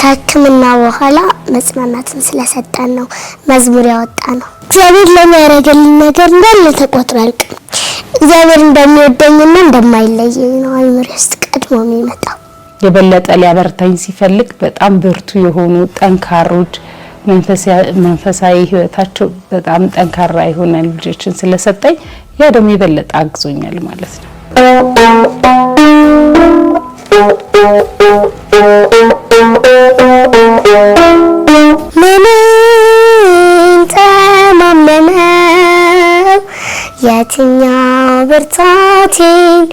ከሕክምና በኋላ መጽናናትን ስለሰጠን ነው መዝሙር ያወጣ ነው። እግዚአብሔር ለሚያደርግልኝ ነገር እንዳለ ተቆጥሮ አያልቅም። እግዚአብሔር እንደሚወደኝና እንደማይለየኝ ነው አይምሬ ውስጥ ቀድሞ የሚመጣው። የበለጠ ሊያበርታኝ ሲፈልግ በጣም ብርቱ የሆኑ ጠንካሮች መንፈሳዊ ህይወታቸው በጣም ጠንካራ የሆነ ልጆችን ስለሰጠኝ ያ ደግሞ የበለጠ አግዞኛል ማለት ነው። ምንን ተማመነው የትኛው ብርታቴን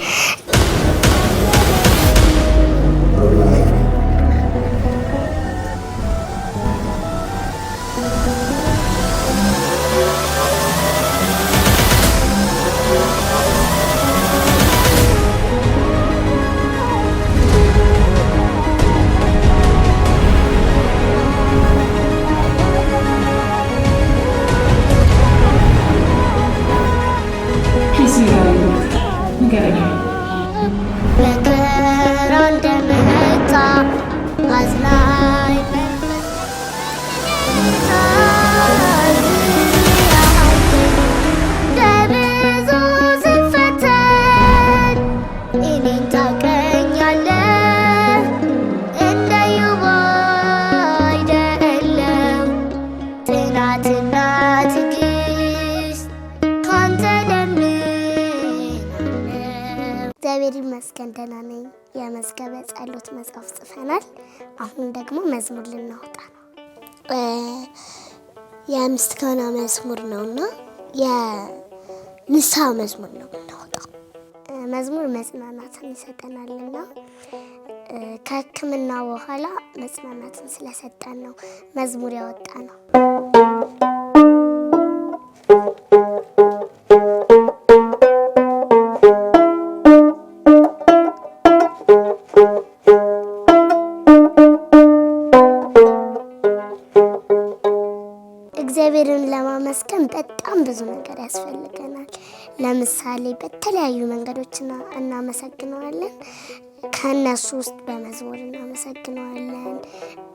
የአምስት ካህና መዝሙር እና የንስሐ መዝሙር ነው የምናወጣው። መዝሙር መጽናናትን ይሰጠናልና ከሕክምና በኋላ መጽናናትን ስለሰጠን ነው መዝሙር ያወጣ ነው። እናመሰግነዋለን። ከእነሱ ውስጥ በመዝሙር እናመሰግነዋለን፣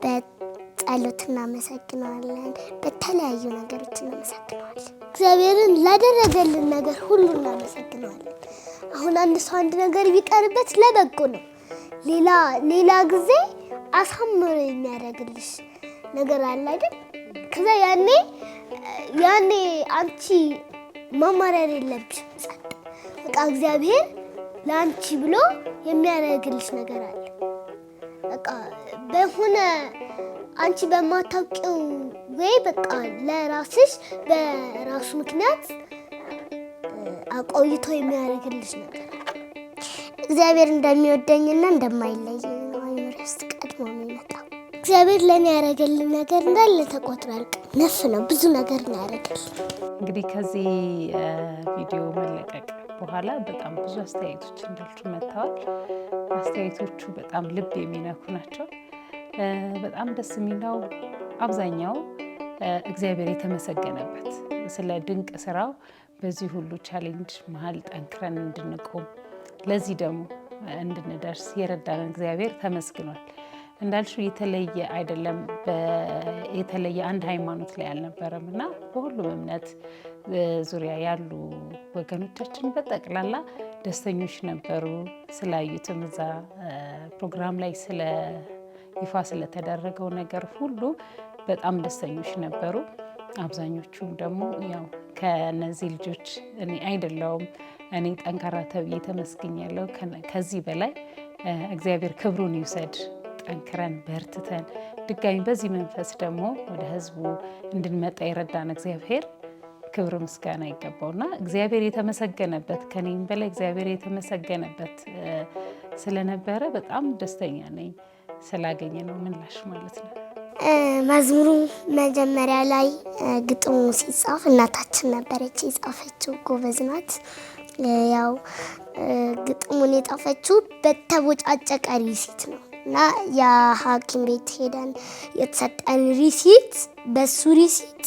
በጸሎት እናመሰግነዋለን፣ በተለያዩ ነገሮች እናመሰግነዋለን። እግዚአብሔርን ላደረገልን ነገር ሁሉ እናመሰግነዋለን። አሁን አንድ ሰው አንድ ነገር ቢቀርበት ለበጎ ነው። ሌላ ሌላ ጊዜ አሳምሮ የሚያደርግልሽ ነገር አለ አይደል? ከዛ ያኔ ያኔ አንቺ መማረር የለብሽ በቃ እግዚአብሔር ለአንቺ ብሎ የሚያደርግልሽ ነገር አለ። በቃ በሆነ አንቺ በማታውቂው ወይ በቃ ለራስሽ በራሱ ምክንያት አቆይቶ የሚያደርግልሽ ነገር እግዚአብሔር እንደሚወደኝና እንደማይለይ ቀድሞ የሚመጣው እግዚአብሔር ለእኔ ያደረገልን ነገር እንዳለ ተቆጥሮ አያልቅም። ነፍ ነው ብዙ ነገር ነው ያደረገልን። እንግዲህ ከዚህ ቪዲዮ መለቀቅ በኋላ በጣም ብዙ አስተያየቶች እንዳልችሁ መጥተዋል። አስተያየቶቹ በጣም ልብ የሚነኩ ናቸው። በጣም ደስ የሚለው አብዛኛው እግዚአብሔር የተመሰገነበት ስለ ድንቅ ስራው በዚህ ሁሉ ቻሌንጅ መሀል ጠንክረን እንድንቆም ለዚህ ደግሞ እንድንደርስ የረዳን እግዚአብሔር ተመስግኗል። እንዳልሹ የተለየ አይደለም። የተለየ አንድ ሃይማኖት ላይ አልነበረም እና በሁሉም እምነት ዙሪያ ያሉ ወገኖቻችን በጠቅላላ ደስተኞች ነበሩ። ስላዩትም እዛ ፕሮግራም ላይ ስለ ይፋ ስለተደረገው ነገር ሁሉ በጣም ደስተኞች ነበሩ። አብዛኞቹም ደግሞ ያው ከነዚህ ልጆች እኔ አይደለውም እኔ ጠንካራ ተብዬ ተመስግኛለሁ። ከዚህ በላይ እግዚአብሔር ክብሩን ይውሰድ። ጠንክረን በርትተን ድጋሚ በዚህ መንፈስ ደግሞ ወደ ህዝቡ እንድንመጣ የረዳን እግዚአብሔር ክብር ምስጋና ይገባውና እግዚአብሔር የተመሰገነበት ከኔም በላይ እግዚአብሔር የተመሰገነበት ስለነበረ በጣም ደስተኛ ነኝ ስላገኘ ነው ምላሽ ማለት ነው። መዝሙሩ መጀመሪያ ላይ ግጥሙ ሲጻፍ እናታችን ነበረች የጻፈችው፣ ጎበዝ ናት። ያው ግጥሙን የጻፈችው በተቦጫጨቀ ሪሲት ነው እና የሐኪም ቤት ሄደን የተሰጠን ሪሲት በሱ ሪሲት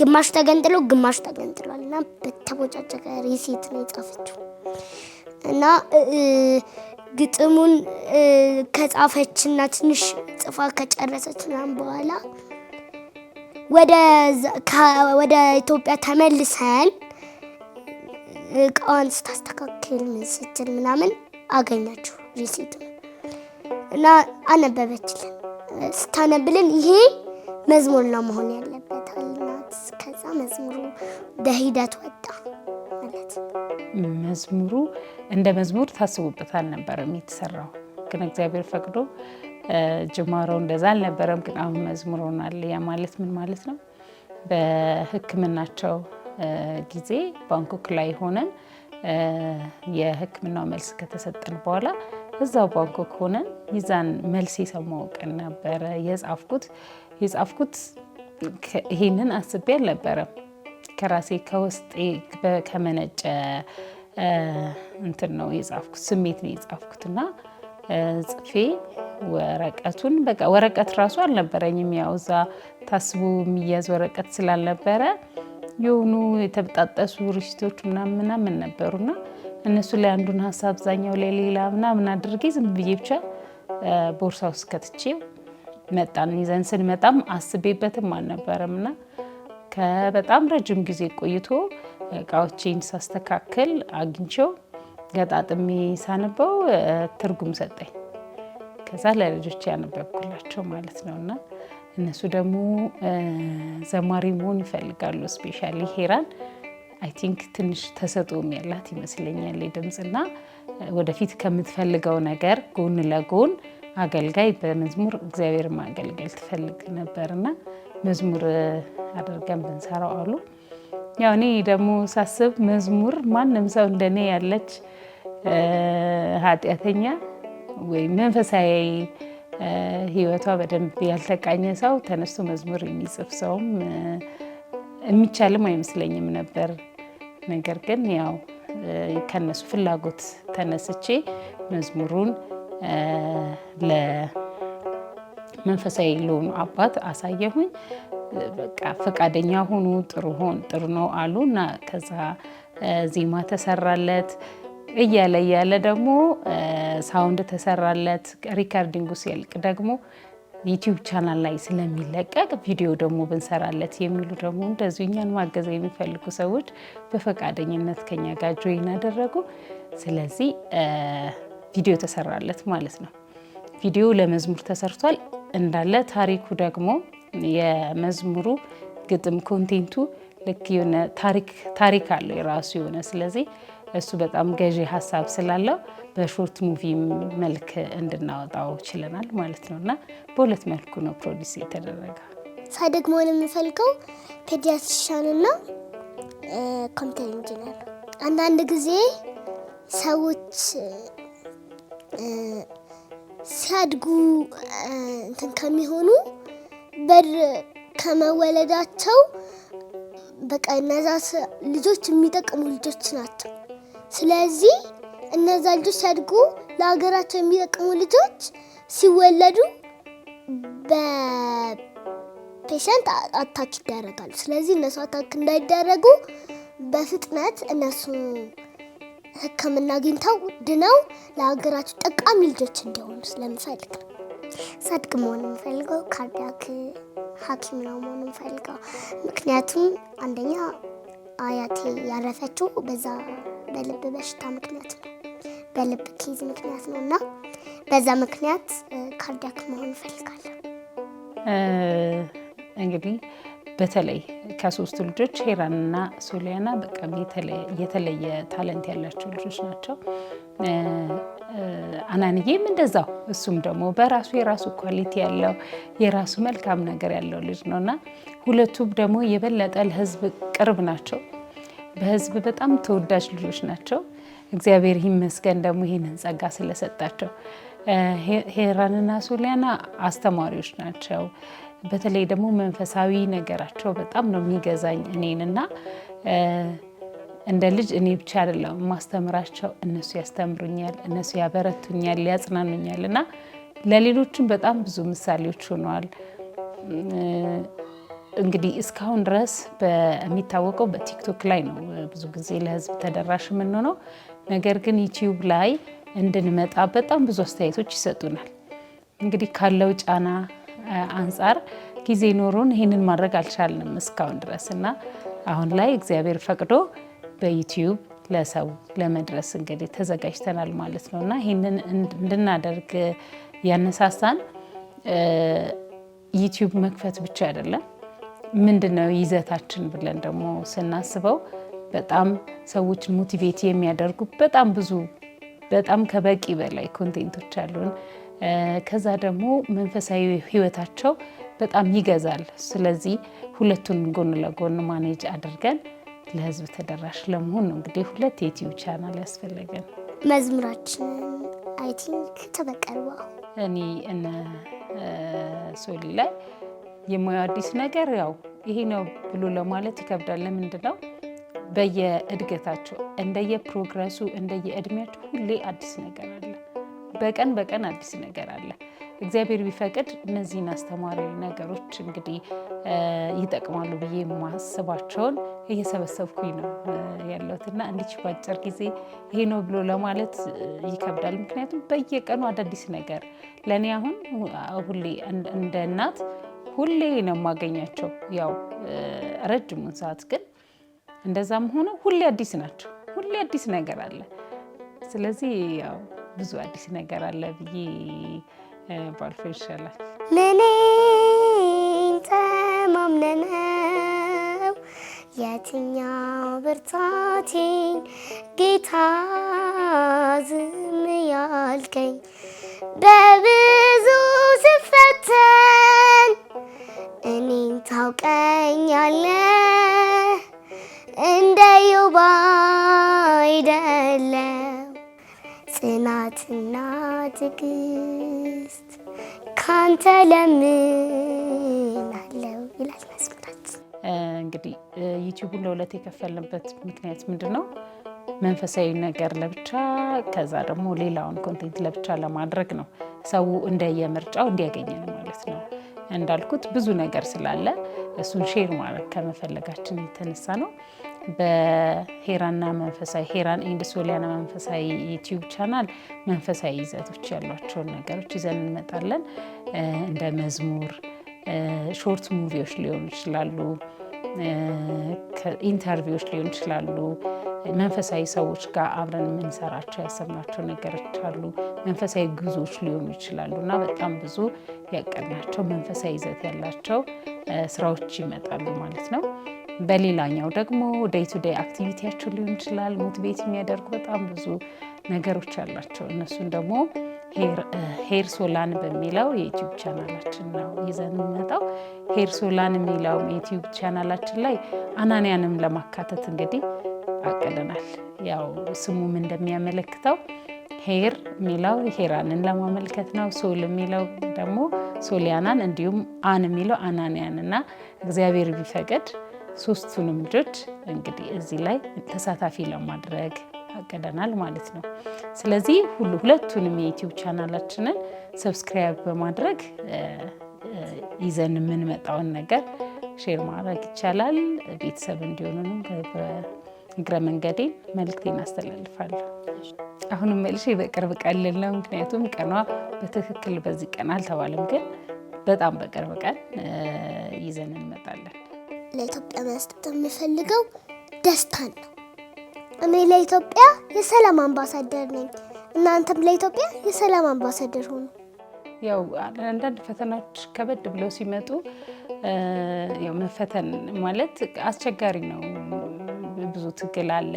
ግማሽ ተገንጥሎ ግማሽ ተገንጥሏል እና በተቦጫጨቀ ሪሴት ነው የጻፈችው እና ግጥሙን ከጻፈችና ትንሽ ጽፋ ከጨረሰች ምናምን በኋላ ወደ ኢትዮጵያ ተመልሰን እቃዋን ስታስተካክል ምን ስትል ምናምን አገኛችሁ ሪሴት እና አነበበችልን። ስታነብልን ይሄ መዝሙር ነው መሆን ያለ ከዛ መዝሙሩ በሂደት ወጣ ማለት መዝሙሩ እንደ መዝሙር ታስቡበት አልነበረም የተሰራው። ግን እግዚአብሔር ፈቅዶ ጅማሮ እንደዛ አልነበረም፣ ግን አሁን መዝሙር ሆኗል። ያ ማለት ምን ማለት ነው? በህክምናቸው ጊዜ ባንኮክ ላይ ሆነን የህክምናው መልስ ከተሰጠን በኋላ እዛው ባንኮክ ሆነን ይዛን መልስ የሰማው ቀን ነበረ የጻፍኩት የጻፍኩት ይህንን አስቤ አልነበረም። ከራሴ ከውስጤ ከመነጨ እንትን ነው የጻፍኩት፣ ስሜት ነው የጻፍኩትና ጽፌ ወረቀቱን በቃ ወረቀት ራሱ አልነበረኝም። ያው እዛ ታስቦ የሚያዝ ወረቀት ስላልነበረ የሆኑ የተበጣጠሱ ርሽቶች ምናምን ምናምን ነበሩና እነሱ ላይ አንዱን ሀሳብ ዛኛው ላይ ሌላ ምናምን አድርጌ ዝም ብዬ ብቻ ቦርሳ ውስጥ ከትቼው መጣን። ይዘን ስንመጣም አስቤበትም አልነበረም እና ከበጣም ረጅም ጊዜ ቆይቶ እቃዎቼን ሳስተካክል አግኝቼው ገጣጥሜ ሳነበው ትርጉም ሰጠኝ። ከዛ ለልጆች ያነበብኩላቸው ማለት ነው እና እነሱ ደግሞ ዘማሪ መሆን ይፈልጋሉ። ስፔሻሊ ሄራን አይ ቲንክ ትንሽ ተሰጥኦም ያላት ይመስለኛል ድምፅና ወደፊት ከምትፈልገው ነገር ጎን ለጎን አገልጋይ በመዝሙር እግዚአብሔር ማገልገል ትፈልግ ነበርና መዝሙር አድርገን ብንሰራው አሉ። ያው እኔ ደግሞ ሳስብ መዝሙር ማንም ሰው እንደኔ ያለች ኃጢአተኛ ወይ መንፈሳዊ ሕይወቷ በደንብ ያልተቃኘ ሰው ተነስቶ መዝሙር የሚጽፍ ሰውም የሚቻልም አይመስለኝም ነበር። ነገር ግን ያው ከነሱ ፍላጎት ተነስቼ መዝሙሩን ለመንፈሳዊ ለሆኑ አባት አሳየሁኝ። በቃ ፈቃደኛ ሆኑ። ጥሩ ሆን ጥሩ ነው አሉ እና ከዛ ዜማ ተሰራለት እያለ እያለ ደግሞ ሳውንድ ተሰራለት። ሪካርዲንጉ ሲያልቅ ደግሞ ዩቲዩብ ቻናል ላይ ስለሚለቀቅ ቪዲዮ ደግሞ ብንሰራለት የሚሉ ደግሞ እንደዚሁ እኛን ማገዝ የሚፈልጉ ሰዎች በፈቃደኝነት ከኛ ጋር ጆይን አደረጉ። ስለዚህ ቪዲዮ ተሰራለት ማለት ነው። ቪዲዮ ለመዝሙር ተሰርቷል እንዳለ ታሪኩ ደግሞ የመዝሙሩ ግጥም ኮንቴንቱ ልክ የሆነ ታሪክ አለው የራሱ የሆነ ስለዚህ እሱ በጣም ገዢ ሀሳብ ስላለው በሾርት ሙቪ መልክ እንድናወጣው ችለናል ማለት ነው። እና በሁለት መልኩ ነው ፕሮዲስ የተደረገ። ሳደግ መሆን የምፈልገው ፔዲያትሪሻንና ኮምፒውተር ኢንጂነር። አንዳንድ ጊዜ ሰዎች ሲያድጉ እንትን ከሚሆኑ በር ከመወለዳቸው በቃ እነዛ ልጆች የሚጠቅሙ ልጆች ናቸው። ስለዚህ እነዛ ልጆች ሲያድጉ ለሀገራቸው የሚጠቅሙ ልጆች ሲወለዱ በፔሸንት አታክ ይደረጋሉ። ስለዚህ እነሱ አታክ እንዳይደረጉ በፍጥነት እነሱ ሕክምና አግኝተው ድነው ለሀገራቸው ጠቃሚ ልጆች እንዲሆኑ ስለምፈልግ ነው። መሆን የምፈልገው ካርዲያክ ሐኪም ነው መሆን የምፈልገው። ምክንያቱም አንደኛ አያቴ ያረፈችው በዛ በልብ በሽታ ምክንያት ነው፣ በልብ ኬዝ ምክንያት ነው እና በዛ ምክንያት ካርዲያክ መሆን እፈልጋለሁ እንግዲህ በተለይ ከሶስቱ ልጆች ሄራንና ሶሊያና በቃ የተለየ ታለንት ያላቸው ልጆች ናቸው። አናንዬም እንደዛው እሱም ደግሞ በራሱ የራሱ ኳሊቲ ያለው የራሱ መልካም ነገር ያለው ልጅ ነው እና ሁለቱም ደግሞ የበለጠ ለህዝብ ቅርብ ናቸው። በህዝብ በጣም ተወዳጅ ልጆች ናቸው። እግዚአብሔር ይመስገን ደግሞ ይህንን ጸጋ ስለሰጣቸው። ሄራንና ሶሊያና አስተማሪዎች ናቸው። በተለይ ደግሞ መንፈሳዊ ነገራቸው በጣም ነው የሚገዛኝ እኔን እና እንደ ልጅ እኔ ብቻ አይደለም ማስተምራቸው፣ እነሱ ያስተምሩኛል፣ እነሱ ያበረቱኛል፣ ያጽናኑኛል እና ለሌሎችም በጣም ብዙ ምሳሌዎች ሆነዋል። እንግዲህ እስካሁን ድረስ የሚታወቀው በቲክቶክ ላይ ነው ብዙ ጊዜ ለህዝብ ተደራሽ የምንሆነው። ነገር ግን ዩቲዩብ ላይ እንድንመጣ በጣም ብዙ አስተያየቶች ይሰጡናል። እንግዲህ ካለው ጫና አንጻር ጊዜ ኖሮን ይህንን ማድረግ አልቻልንም እስካሁን ድረስ እና አሁን ላይ እግዚአብሔር ፈቅዶ በዩቲዩብ ለሰው ለመድረስ እንግዲህ ተዘጋጅተናል ማለት ነው እና ይህንን እንድናደርግ ያነሳሳን ዩቲዩብ መክፈት ብቻ አይደለም። ምንድን ነው ይዘታችን ብለን ደግሞ ስናስበው በጣም ሰዎችን ሞቲቬት የሚያደርጉ በጣም ብዙ በጣም ከበቂ በላይ ኮንቴንቶች አሉን። ከዛ ደግሞ መንፈሳዊ ህይወታቸው በጣም ይገዛል። ስለዚህ ሁለቱን ጎን ለጎን ማኔጅ አድርገን ለህዝብ ተደራሽ ለመሆን ነው እንግዲህ ሁለት የዩቲዩብ ቻናል ያስፈለገን። መዝሙራችን አይ ቲንክ ተበቀልባ እኔ እነ ሶሊ ላይ የማየው አዲስ ነገር ያው ይሄ ነው ብሎ ለማለት ይከብዳል። ለምንድን ነው በየእድገታቸው እንደየፕሮግረሱ እንደየእድሜያቸው ሁሌ አዲስ ነገር አለ በቀን በቀን አዲስ ነገር አለ። እግዚአብሔር ቢፈቅድ እነዚህን አስተማሪ ነገሮች እንግዲህ ይጠቅማሉ ብዬ የማስባቸውን እየሰበሰብኩኝ ነው ያለሁት እና እንዲች በአጭር ጊዜ ይሄ ነው ብሎ ለማለት ይከብዳል። ምክንያቱም በየቀኑ አዳዲስ ነገር ለእኔ አሁን ሁሌ እንደ እናት ሁሌ ነው የማገኛቸው። ያው ረጅሙን ሰዓት ግን እንደዛም ሆነ ሁሌ አዲስ ናቸው። ሁሌ አዲስ ነገር አለ። ስለዚህ ያው ብዙ አዲስ ነገር አለ ብዬ ባልፎ ይሻላል። ምንን ተማምነነው የትኛው ብርታቴን ጌታ ዝም ያልከኝ በብዙ ስፈተን እኔን ታውቀኛለ ጽናትና ትዕግስት ካንተ ለምን ይላል መዝሙራችን። እንግዲህ ዩቲዩቡን ለሁለት የከፈልንበት ምክንያት ምንድን ነው? መንፈሳዊ ነገር ለብቻ ከዛ ደግሞ ሌላውን ኮንቴንት ለብቻ ለማድረግ ነው። ሰው እንደየምርጫው እንዲያገኘን ማለት ነው። እንዳልኩት ብዙ ነገር ስላለ እሱን ሼር ማድረግ ከመፈለጋችን የተነሳ ነው። በሄራና መንፈሳዊ ሄራን ኤንድ ሶሊያና መንፈሳዊ ዩቲዩብ ቻናል መንፈሳዊ ይዘቶች ያሏቸውን ነገሮች ይዘን እንመጣለን። እንደ መዝሙር፣ ሾርት ሙቪዎች ሊሆኑ ይችላሉ፣ ኢንተርቪዎች ሊሆኑ ይችላሉ። መንፈሳዊ ሰዎች ጋር አብረን የምንሰራቸው ያሰብናቸው ነገሮች አሉ። መንፈሳዊ ጉዞዎች ሊሆኑ ይችላሉ እና በጣም ብዙ ያቀድናቸው መንፈሳዊ ይዘት ያላቸው ስራዎች ይመጣሉ ማለት ነው። በሌላኛው ደግሞ ዴይ ቱ ዴይ አክቲቪቲያቸው ሊሆን ይችላል። ሞቲቬት የሚያደርጉ በጣም ብዙ ነገሮች አላቸው። እነሱን ደግሞ ሄር ሶላን eh, በሚለው የዩቲዩብ ቻናላችን ነው ይዘን የምንመጣው። ሄር ሶላን የሚለውም የዩቲዩብ ቻናላችን ላይ አናንያንም ለማካተት እንግዲህ አቅደናል። ያው ስሙም እንደሚያመለክተው ሄር የሚለው ሄራንን ለማመልከት ነው። ሶል የሚለው ደግሞ ሶሊያናን፣ እንዲሁም አን የሚለው አናንያንና እግዚአብሔር ቢፈቅድ ሶስቱንም ልጆች እንግዲህ እዚህ ላይ ተሳታፊ ለማድረግ አቅደናል ማለት ነው። ስለዚህ ሁሉ ሁለቱንም የዩቲዩብ ቻናላችንን ሰብስክራይብ በማድረግ ይዘን የምንመጣውን ነገር ሼር ማድረግ ይቻላል። ቤተሰብ እንዲሆኑንም እግረ መንገዴን መልእክቴን አስተላልፋለሁ። አሁንም መልሼ በቅርብ ቀልል ነው፣ ምክንያቱም ቀኗ በትክክል በዚህ ቀን አልተባለም፣ ግን በጣም በቅርብ ቀን ይዘን እንመጣለን። ለኢትዮጵያ መስጠት የምፈልገው ደስታን ነው። እኔ ለኢትዮጵያ የሰላም አምባሳደር ነኝ። እናንተም ለኢትዮጵያ የሰላም አምባሳደር ሆኑ። ያው አንዳንድ ፈተናዎች ከበድ ብለው ሲመጡ ያው መፈተን ማለት አስቸጋሪ ነው። ብዙ ትግል አለ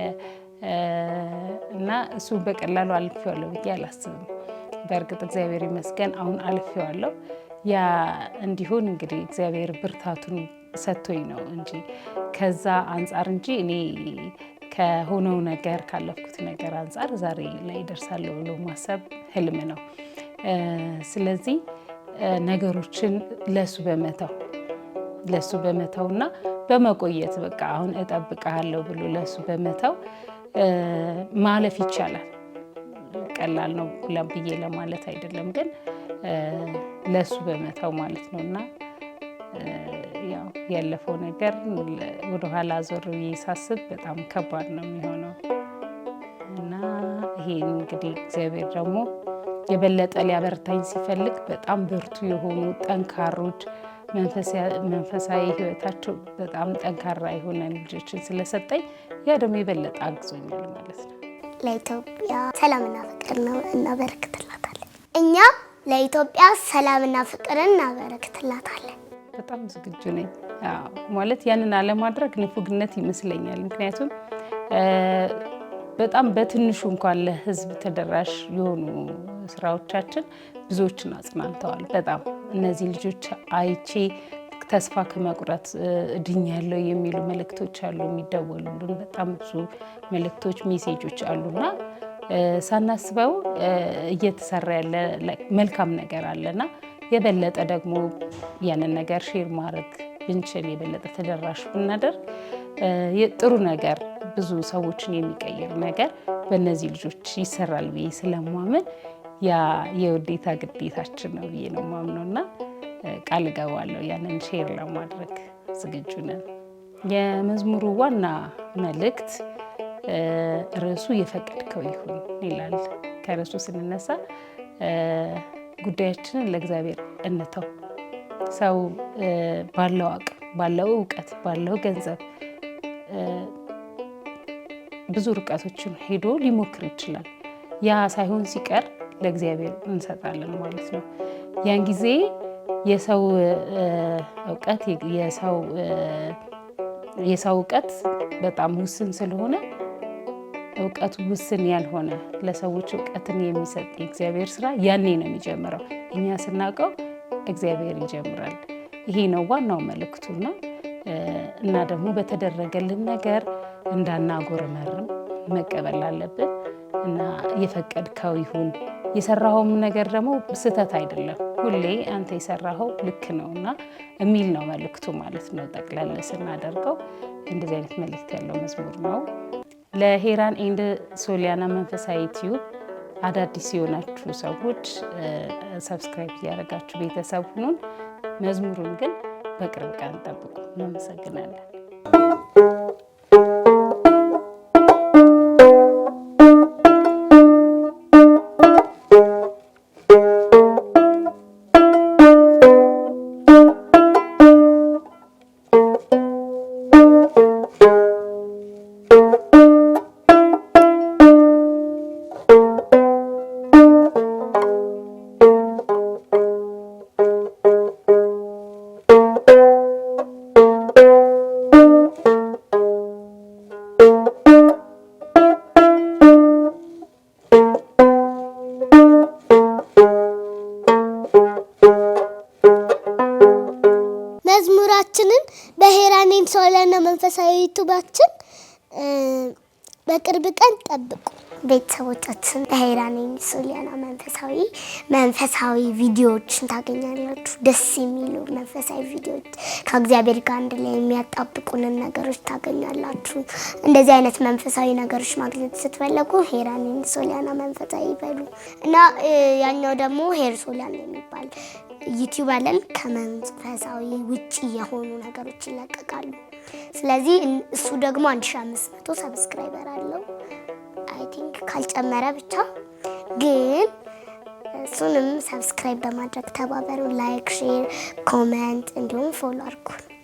እና እሱ በቀላሉ አልፌዋለሁ ብዬ አላስብም። በእርግጥ እግዚአብሔር ይመስገን አሁን አልፌዋለሁ። ያ እንዲሆን እንግዲህ እግዚአብሔር ብርታቱን ሰጥቶኝ ነው እንጂ ከዛ አንጻር እንጂ እኔ ከሆነው ነገር ካለፍኩት ነገር አንጻር ዛሬ ላይ ደርሳለሁ ብሎ ማሰብ ህልም ነው። ስለዚህ ነገሮችን ለሱ በመተው ለሱ በመተው እና በመቆየት በቃ አሁን እጠብቅሃለሁ ብሎ ለሱ በመተው ማለፍ ይቻላል። ቀላል ነው ብዬ ለማለት አይደለም፣ ግን ለሱ በመተው ማለት ነው እና ያው ያለፈው ነገር ወደኋላ ዞር ብዬ ሳስብ በጣም ከባድ ነው የሚሆነው እና ይሄ እንግዲህ እግዚአብሔር ደግሞ የበለጠ ሊያበርታኝ ሲፈልግ በጣም ብርቱ የሆኑ ጠንካሮች መንፈሳዊ ሕይወታቸው በጣም ጠንካራ የሆነ ልጆችን ስለሰጠኝ ያ ደግሞ የበለጠ አግዞኛል ማለት ነው። ለኢትዮጵያ ሰላምና ፍቅር እናበረክትላታለን። እኛ ለኢትዮጵያ ሰላምና ፍቅር እናበረክትላታለን። በጣም ዝግጁ ነኝ። ማለት ያንን አለማድረግ ንፉግነት ይመስለኛል። ምክንያቱም በጣም በትንሹ እንኳን ለህዝብ ተደራሽ የሆኑ ስራዎቻችን ብዙዎችን አጽናንተዋል። በጣም እነዚህ ልጆች አይቼ ተስፋ ከመቁረጥ እድኛለሁ የሚሉ መልእክቶች አሉ፣ የሚደወሉልን በጣም ብዙ መልእክቶች፣ ሜሴጆች አሉና ሳናስበው እየተሰራ ያለ መልካም ነገር አለና የበለጠ ደግሞ ያንን ነገር ሼር ማድረግ ብንችል የበለጠ ተደራሽ ብናደርግ ጥሩ ነገር ብዙ ሰዎችን የሚቀይር ነገር በእነዚህ ልጆች ይሰራል ብዬ ስለማምን ያ የውዴታ ግዴታችን ነው ብዬ ነው ማምነው እና ቃል እገባለሁ ያንን ሼር ለማድረግ ዝግጁ ነን። የመዝሙሩ ዋና መልእክት ርዕሱ የፈቀድከው ይሁን ይላል። ከርዕሱ ስንነሳ ጉዳያችንን ለእግዚአብሔር እንተው። ሰው ባለው አቅም፣ ባለው እውቀት፣ ባለው ገንዘብ ብዙ ርቀቶችን ሄዶ ሊሞክር ይችላል። ያ ሳይሆን ሲቀር ለእግዚአብሔር እንሰጣለን ማለት ነው። ያን ጊዜ የሰው እውቀት የሰው እውቀት በጣም ውስን ስለሆነ እውቀቱ ውስን ያልሆነ ለሰዎች እውቀትን የሚሰጥ የእግዚአብሔር ስራ ያኔ ነው የሚጀምረው። እኛ ስናውቀው እግዚአብሔር ይጀምራል። ይሄ ነው ዋናው ነው። እና ደግሞ በተደረገልን ነገር እንዳናጎርመር መቀበል አለብን እና የፈቀድከው ይሁን የሰራኸውም ነገር ደግሞ ስህተት አይደለም። ሁሌ አንተ የሰራኸው ልክ ነው እና የሚል ነው መልእክቱ ማለት ነው። ጠቅላላ ስናደርገው እንደዚህ አይነት መልእክት ያለው መዝሙር ነው። ለሄራን ኤንድ ሶሊያና መንፈሳዊ ቲዩብ አዳዲስ የሆናችሁ ሰዎች ሰብስክራይብ እያደረጋችሁ ቤተሰብ ሁኑን። መዝሙሩን ግን በቅርብ ቀን ጠብቁ። እናመሰግናለን። ሶለና መንፈሳዊ ዩቱባችን በቅርብ ቀን ጠብቁ። ቤተሰቦቻችን በሄራን ሶሊያና መንፈሳዊ መንፈሳዊ ቪዲዮዎችን ታገኛላችሁ። ደስ የሚሉ መንፈሳዊ ቪዲዮዎች ከእግዚአብሔር ጋር አንድ ላይ የሚያጣብቁንን ነገሮች ታገኛላችሁ። እንደዚህ አይነት መንፈሳዊ ነገሮች ማግኘት ስትፈለጉ ሄራን ሶሊያና መንፈሳዊ ይበሉ እና ያኛው ደግሞ ሄር ሶሊያና የሚባል ዩቲዩብ አለን። ከመንፈሳዊ ውጭ የሆኑ ነገሮች ይለቀቃሉ። ስለዚህ እሱ ደግሞ 1500 ሰብስክራይበር አለው። ካልጨመረ ብቻ ግን እሱንም ሰብስክራይብ በማድረግ ተባበሩ። ላይክ፣ ሼር፣ ኮመንት እንዲሁም ፎሎ አድርጉን።